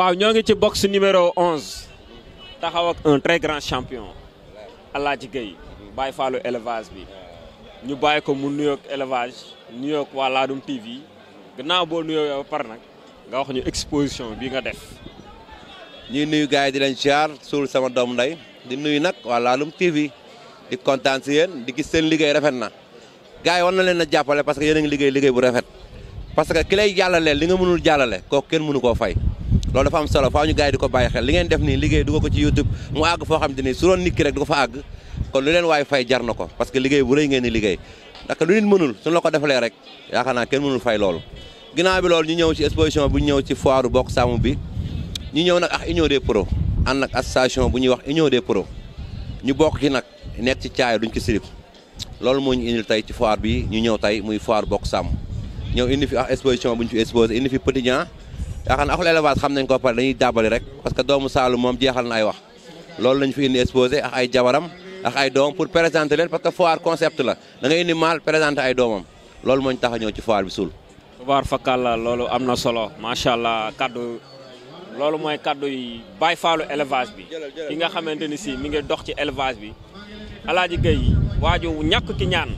waaw ñoo ngi ci box numéro 11 taxaw ak un très grand champion Alaaji Gueye bàyyi faalu élevage bi ñu bàyyi ko mu nuyoog élevage nuyoog waa Ladoum TV gannaaw boo nuyoo yow par nag nga wax ñu exposition bi nga def. ñuy nuyu gars yi di leen ziar suul sama doom ndey di nuyu nag waa Ladoum TV di kontaan si yéen di gis seen liggéey rafet na gars yi na leen a jàppale parce que yéen ngi liggéey liggéey bu rafet parce que ki lay jàllaleel li nga mënul jàllale kooku kenn mënu koo fay. loolu dafa am solo faaw ñu gars di ko bàyyi xel li ngeen def nii liggéey dugal ko ci YouTube mu àgg foo xam te ni su doon nit ki rek du ko fa àgg kon lu leen waaye fay jar na ko parce que liggéey bu rëy ngeen di liggéey ndax lu nit mënul suñu la ko defalee rek yaakaar naa kenn mënul fay loolu ginnaaw bi loolu ñu ñëw ci exposition bu ñëw ci foire bokk sàmm bi ñu ñëw nag ak union des pros ànd ak association bu ñuy wax union des pros ñu bokk ci nag nekk ci caay duñ ci loolu moo ñu indil tey ci foire bi ñu ñëw tey muy foire bokk sàmm ñëw indi fi ak exposition bu ñu fi exposé indi fi Petit Niang yaakaar naa axul élevage xam nañ ko pare dañuy jàbbali rek parce que doomu Saalum moom jeexal na ay wax loolu lañ fi indi exposé ak ay jabaram ak ay doomam pour présenter leen parce que foire concept la da ngay indi maal présenter ay doomam loolu moo tax a ñëw ci foire bi suul. tubaar fakkal la loolu am na solo macha allah kaddu loolu mooy kaddu yi bàyyi faalu élevage bi ki nga xamante ni si mi ngi dox ci élevage bi Alaaji Gueye waaju ñakk ki ñaan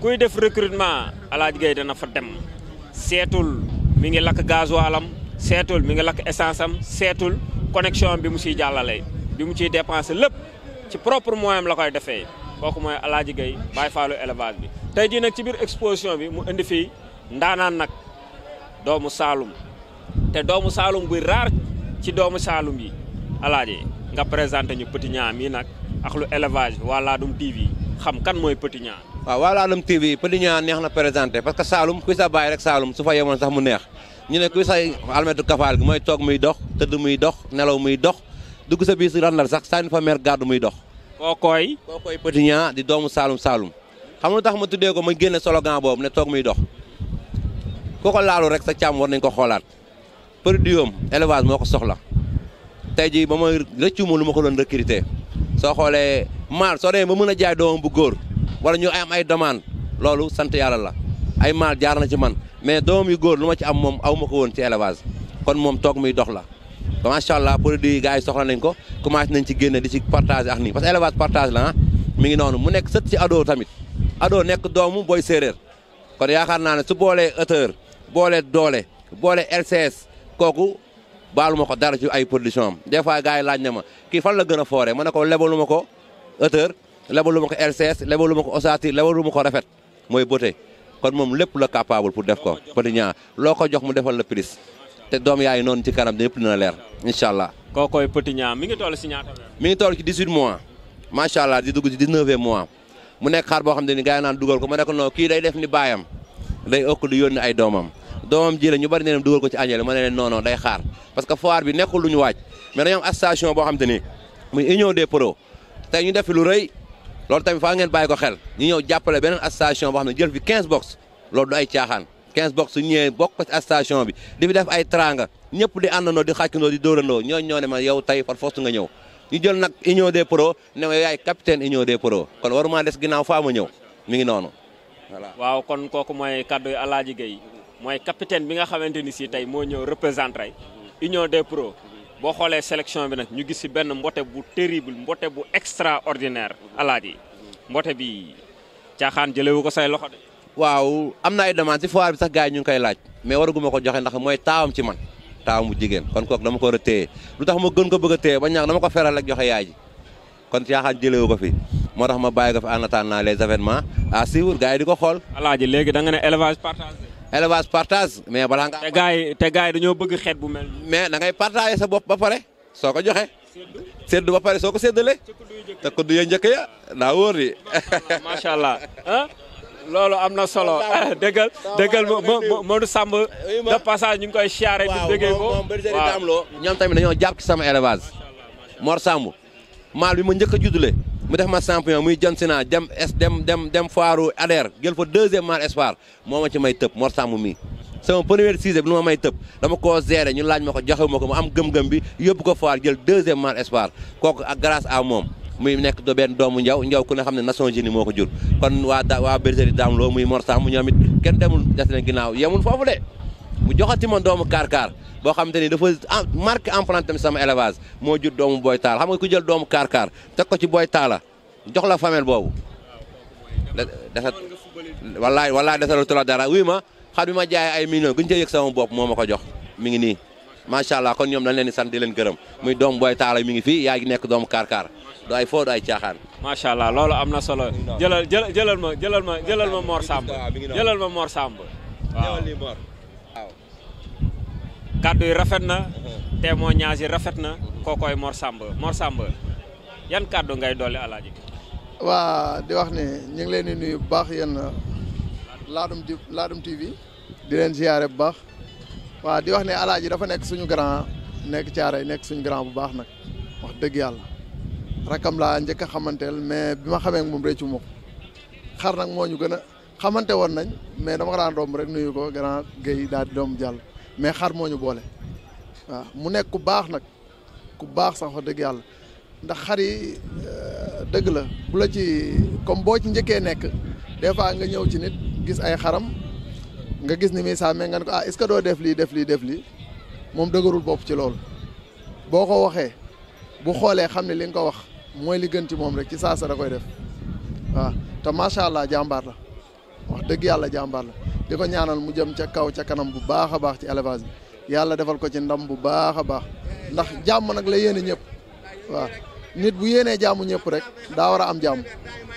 kuy def recrutement Alaaji Gueye dana fa dem seetul mi ngi lakk gasoilam seetul mi ngi lakk essence am seetul connexion bi mu siy jàllale bi mu ciy dépensé lépp ci propre moyen la koy defee kooku mooy Alaaji Gaye Baay Faalu élevage bi te jii nag ci biir exposition bi mu indi fii ndaanaan nag doomu Saalum te doomu Saalum buy raar ci doomu Saalum yi Alaaji nga présenté ñu Petit Niang mii nag ak lu élevage waa Ladoum TV xam kan mooy Petit Niang waaw waa Ladoum TV Petit Niang neex na présenté parce que Saalum kuy sa bàyyi rek Saalum su fa yemoon sax mu neex ñu ne ku sa almetu kafaal gi mooy toog muy dox tëdd muy dox nelaw muy dox dugg sa biir si randal sax sànni fa mer gàddu muy dox. kookooy. kookooy di doomu Saalum Saalum xam nga tax ma tuddee ko ma solo slogan boobu ne toog muy dox ku ko laalu rek sa càmm war nañ ko xoolaat produit am élevage moo ko soxla tey jii ba mooy rëccu ma lu ma ko doon recruter soo xoolee maar soo demee ba mën a jaay doomam bu góor wala ñu am ay demande loolu sant yàlla la. ay maal jaar na ci man mais doomam yu góor lu ma ci am moom aw ma ko woon ci élevage kon moom toog muy dox la macha allah produit yi gars yi soxla nañ ko commencé nañ ci génne di ci partage ak nii parce que élevage partage la ah mi ngi noonu mu nekk sët ci ado tamit ado nekk doomu booy séeréer kon yaakaar naa ne su boolee hauteur boolee doole boolee LCS kooku baalu ma ko dara ci ay production am des fois gars yi laaj na ma kii fan la gën a fooree ma ne ko lebalu ma ko hauteur lebalu ma ko LCS ko ossature lebalu ma ko rafet mooy beauté kon moom lépp la capable pour def ko Petit loo ko jox mu defal la prise te doom yaayu noonu ci kanam yëpp dina leer incha allah. kookoy Petit mi ngi mi ngi toll ci 18 mois macha allah di dugg ci 19 mois mu nekk xaar boo xam ne ni gars yi naan dugal ko ma nekk ko non kii day def ni baayam day ëkk di yónni ay doomam. doomam ji la ñu bari neenam dugal ko ci añeel ma ne leen non day xaar parce que foire bi nekkul lu ñu waaj mais dañoo am station boo xam te ni muy union des pros tey ñu def lu loolu tamit faa ngeen bàyyi ko xel ñu ñëw jàppale beneen association boo xam ne jël fi 15 box loolu du ay caaxaan 15 box su ñëwee bokk ko bi di fi def ay tranga ñëpp di àndandoo di xàccandoo di dóorandoo ñooñu ñoo ne ma yow tey far force nga ñëw ñu jël nag union des pros ne ma yaay capitaine union des pros kon waruma des ginnaaw faa ma ñëw mi ngi noonu voilà. waaw kon kooku mooy kaddu yi Alaaji Gueye mooy capitaine bi nga xamante ni si tey moo ñëw représenté union des pros. boo xoolee sélection bi nag ñu gis ci benn mbote bu terrible mbote bu extraordinaire alaaji mbote bi caaxaan jëlewu ko say loxo de. waaw am na ay demande ci foire bi sax gars ñu ngi koy laaj mais waraguma ko joxe ndax mooy taawam ci man taawam bu jigéen kon kooku dama ko war a lu tax ma gën ko bëgg a ba ñaax dama ko feral ak joxe yaay ji kon caaxaan jëlewu ko fi moo tax ma bàyyi ko fi en attendant les événements à suivre gars yi di ko xool. alaaji élevage partage mais bala nga. te gars yi te gars dañoo bëgg xeet bu mel. mais da ngay partager sa bopp ba pare soo ko joxe. sédd ba pare soo ko séddalee. te ku du ya njëkk ya wóor yi. macha allah ah. loolu am na solo dëggal dëggal Modou Samb de passage ñu ngi koy siyaare di bëggee ko waaw ñoom tamit dañoo jàpp ci sama élevage Mor Samb maal bi ma njëkk a juddule mu def ma champion muy John Sina dem es dem dem dem foiru adhère jël fa deuxième mar espoir moo ma ci may tëb Mor Samb mii sama première sixième bi lu ma may tëb dama koo gérer ñu laaj ma ko joxe ma ko mu am gëm-gëm bi yóbbu ko foire jël deuxième mar espoir kooku ak grâce à moom muy nekk do benn doomu njaw njaw ku ne xam ne Nations Unies moo ko jur kon waa waa bergerie Dame Lo muy Mor Samb ñoom it kenn demul des leen ginnaaw yemul foofu de mu joxati ma doomu kaar-kaar boo xam te ni dafa marqué empreinte tamit sama élevage moo jur doomu booy taala xam nga ku jël doomu kaar-kaar teg ko ci booy taala jox la famel boobu desa wallaay wallaay desalu tula dara oui ma xar bi ma jaay ay millions guñu tey yëg sama bopp moo ma ko jox mi ngi nii macha allah kon ñoom dañ leen di sant di leen gërëm muy doom booy taala mi ngi fii yaa ngi nekk doomu kaar-kaar du ay foo du ay caaxaan macha allah loolu am na solo jëlal jëlal ma jëlal ma jëlal ma Mor Samb jëlal ma Mor Samb waaw kàddu rafet na mhm. témoignage yi rafet na mhm. kookooy Mor Samba Mor Samba yan kàddu ngay dolli alaaji waa di wax ne ñu ngi leen di nuyu bu baax yéen uh, Laadum di Laadum TV di leen ziyaare bu baax waa di wax ne alaaji dafa nekk suñu grand nekk yi nekk suñu grand bu baax nag wax dëgg yàlla rakam laa njëkk a xamanteel mais bi ma xamee moom réccu ma ko xar nag moo ñu gën a xamante woon nañ mais dama ko daan doom rek nuyu ko grand Guèye daal di doom jàll mais xar moo ñu boole waaw mu nekk ku baax nag ku baax sax wax dëgg yàlla ndax xar yi euh, dëgg la bu la ci comme boo ci njëkkee nekk des fois nga ñëw ci nit gis ay xaram nga gis ni muy sàmmee nga ne ko ah est-ce doo def lii def lii def moom dëgërul boobu ci loolu boo ko waxee bu xoolee xam ne li nga ko wax mooy li gën ci moom rek ci saa sa koy def waaw te macha allah jàmbaar la wax dëgg yàlla jàmbaar la. di ko ñaanal mu jëm ca kaw ca kanam bu baax a baax ci élevage bi yàlla defal ko ci ndam bu baax a baax ndax jàmm nag la yéene ñëpp waaw nit bu yéenee jàmm ñëpp rek daa war a am jàmm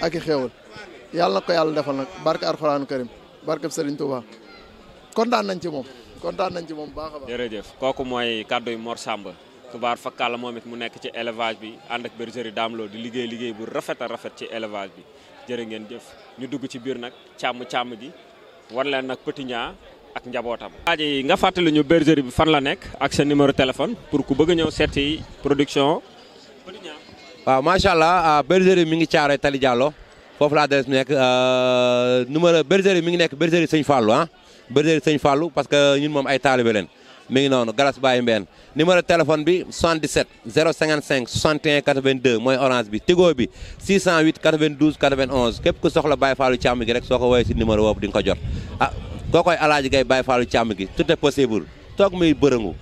ak i xéewal yàlla na ko yàlla defal nag barke Alxuraanu Karim barke Serigne Touba kontaan nañ ci moom kontaan nañ ci moom baax a kooku mooy kàddu yu Mor Samba tubaar fakkaala moom it mu nekk ci élevage bi ànd ak bergerie daam lool di liggéey liggéey bu rafet rafet ci élevage bi jërë ngeen jëf ñu dugg ci biir nag càmm càmm gi. wan leen nag Petit Niang ak njabootam. waaji nga fàttali ñu bergerie bi fan la nekk ak sa numéro téléphone pour ku bëgg ñëw seeti production Petit Niang. waaw macha allah ah, bergerie mi ngi caare Tali Diallo foofu la adresse mi nekk euh, numéro bergerie mi ngi nekk bergerie Sëñ Fallou ah bergerie Sëñ Fallou parce que ñun moom ay taalibe leen. mi ngi noonu Galas Baye Mbène numéro téléphone bi 77 055 61 82 mooy orange bi tigo bi 608 képp ku soxla Baye Fallou Thiam gi rek soo ko woowee si numéro boobu di nga ko jot ah koo koy Alaaji Gaye Baye Fallou Thiam gi tout est possible toog muy bërëngu